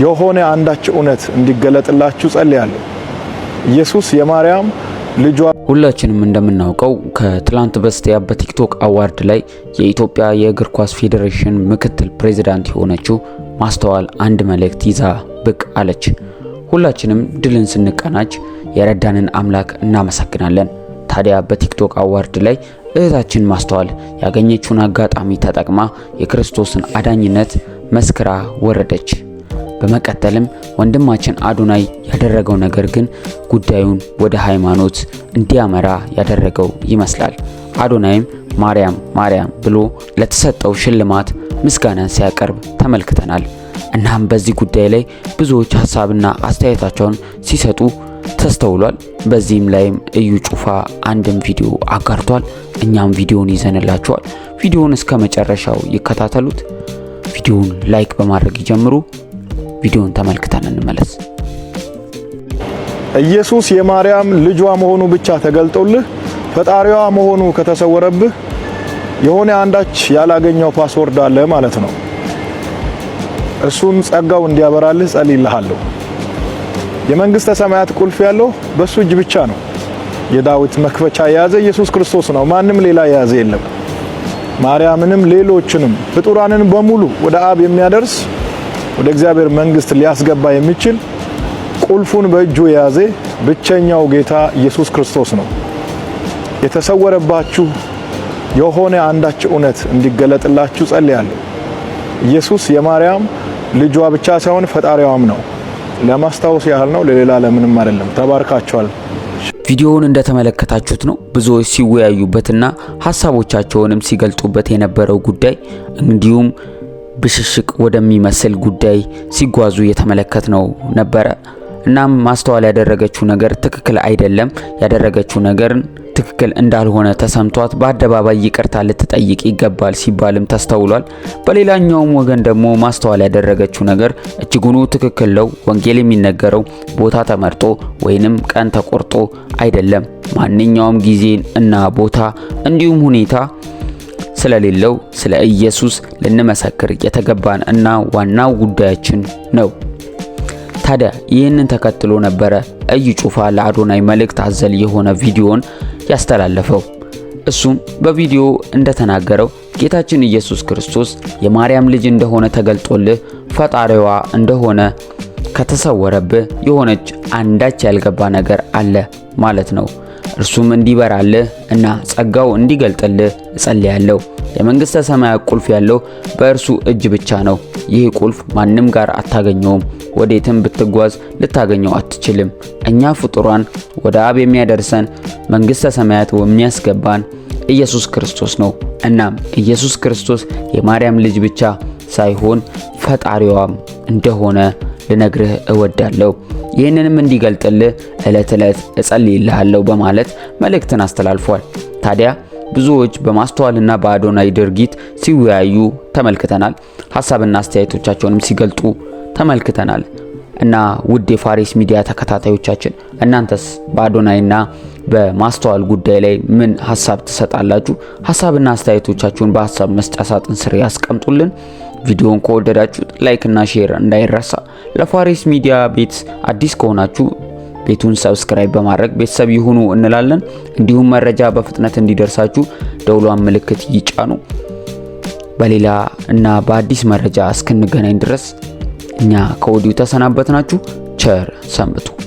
የሆነ አንዳች እውነት እንዲገለጥላችሁ ጸልያለሁ። ኢየሱስ የማርያም ልጇ ሁላችንም እንደምናውቀው ከትላንት በስቲያ በቲክቶክ አዋርድ ላይ የኢትዮጵያ የእግር ኳስ ፌዴሬሽን ምክትል ፕሬዝዳንት የሆነችው ማስተዋል አንድ መልእክት ይዛ ብቅ አለች። ሁላችንም ድልን ስንቀናጅ የረዳንን አምላክ እናመሰግናለን። ታዲያ በቲክቶክ አዋርድ ላይ እህታችን ማስተዋል ያገኘችውን አጋጣሚ ተጠቅማ የክርስቶስን አዳኝነት መስክራ ወረደች። በመቀጠልም ወንድማችን አዶናይ ያደረገው ነገር ግን ጉዳዩን ወደ ሃይማኖት እንዲያመራ ያደረገው ይመስላል። አዶናይም ማርያም ማርያም ብሎ ለተሰጠው ሽልማት ምስጋናን ሲያቀርብ ተመልክተናል። እናም በዚህ ጉዳይ ላይ ብዙዎች ሀሳብና አስተያየታቸውን ሲሰጡ ተስተውሏል። በዚህም ላይም እዩ ጩፋ አንድም ቪዲዮ አጋርቷል። እኛም ቪዲዮውን ይዘንላቸዋል። ቪዲዮውን እስከ መጨረሻው ይከታተሉት። ቪዲዮውን ላይክ በማድረግ ይጀምሩ። ቪዲዮን ተመልክተን እንመለስ። ኢየሱስ የማርያም ልጇ መሆኑ ብቻ ተገልጦልህ ፈጣሪዋ መሆኑ ከተሰወረብህ የሆነ አንዳች ያላገኘው ፓስወርድ አለ ማለት ነው። እሱን ጸጋው እንዲያበራልህ ጸልይልሃለሁ። የመንግስተ ሰማያት ቁልፍ ያለው በሱ እጅ ብቻ ነው። የዳዊት መክፈቻ የያዘ ኢየሱስ ክርስቶስ ነው። ማንም ሌላ የያዘ የለም። ማርያምንም ሌሎችንም ፍጡራንን በሙሉ ወደ አብ የሚያደርስ ወደ እግዚአብሔር መንግስት ሊያስገባ የሚችል ቁልፉን በእጁ የያዘ ብቸኛው ጌታ ኢየሱስ ክርስቶስ ነው። የተሰወረባችሁ የሆነ አንዳች እውነት እንዲገለጥላችሁ ጸልያለሁ። ኢየሱስ የማርያም ልጇ ብቻ ሳይሆን ፈጣሪዋም ነው። ለማስታወስ ያህል ነው፣ ለሌላ ለምንም አይደለም። ተባርካችኋል። ቪዲዮውን እንደተመለከታችሁት ነው ብዙዎች ሲወያዩበትና ሀሳቦቻቸውንም ሲገልጡበት የነበረው ጉዳይ እንዲሁም ብሽሽቅ ወደሚመስል ጉዳይ ሲጓዙ ነው ነበረ። እናም ማስተዋል ያደረገችው ነገር ትክክል አይደለም፣ ያደረገችው ነገር ትክክል እንዳልሆነ ተሰምቷት በአደባባይ ይቅርታ ልትጠይቅ ይገባል ሲባልም ተስተውሏል። በሌላኛውም ወገን ደግሞ ማስተዋል ያደረገችው ነገር እጅጉኑ ትክክል ነው። ወንጌል የሚነገረው ቦታ ተመርጦ ወይንም ቀን ተቆርጦ አይደለም። ማንኛውም ጊዜ እና ቦታ እንዲሁም ሁኔታ ስለሌለው ስለ ኢየሱስ ልንመሰክር የተገባን እና ዋናው ጉዳያችን ነው። ታዲያ ይህንን ተከትሎ ነበረ እዩ ጩፋ ለአዶናይ መልእክት አዘል የሆነ ቪዲዮን ያስተላለፈው። እሱም በቪዲዮ እንደተናገረው ጌታችን ኢየሱስ ክርስቶስ የማርያም ልጅ እንደሆነ ተገልጦልህ ፈጣሪዋ እንደሆነ ከተሰወረብህ የሆነች አንዳች ያልገባ ነገር አለ ማለት ነው። እርሱም እንዲበራልህ እና ጸጋው እንዲገልጥልህ እጸልያለሁ። የመንግስተ ሰማያት ቁልፍ ያለው በእርሱ እጅ ብቻ ነው። ይህ ቁልፍ ማንም ጋር አታገኘውም። ወዴትም ብትጓዝ ልታገኘው አትችልም። እኛ ፍጡሯን ወደ አብ የሚያደርሰን መንግስተ ሰማያት የሚያስገባን ኢየሱስ ክርስቶስ ነው። እናም ኢየሱስ ክርስቶስ የማርያም ልጅ ብቻ ሳይሆን ፈጣሪዋም እንደሆነ ልነግርህ እወዳለሁ። ይህንንም እንዲገልጥልህ ዕለት ዕለት እጸልይልሃለሁ በማለት መልእክትን አስተላልፏል። ታዲያ ብዙዎች በማስተዋልና በአዶናይ ድርጊት ሲወያዩ ተመልክተናል። ሀሳብና አስተያየቶቻቸውንም ሲገልጡ ተመልክተናል። እና ውድ የፋሬስ ሚዲያ ተከታታዮቻችን እናንተስ በአዶናይና በማስተዋል ጉዳይ ላይ ምን ሀሳብ ትሰጣላችሁ? ሀሳብና አስተያየቶቻችሁን በሀሳብ መስጫ ሳጥን ስር ያስቀምጡልን። ቪዲዮን ላይክ ላይክና ሼር እንዳይረሳ። ለፋሬስ ሚዲያ ቤት አዲስ ከሆናችሁ ቤቱን ሰብስክራይብ በማድረግ ቤተሰብ ይሁኑ እንላለን። እንዲሁም መረጃ በፍጥነት እንዲደርሳችሁ ደውሏን ምልክት ይጫኑ። በሌላ እና በአዲስ መረጃ እስክንገናኝ ድረስ እኛ ከወዲሁ ተሰናበትናችሁ። ቸር ሰንብቱ።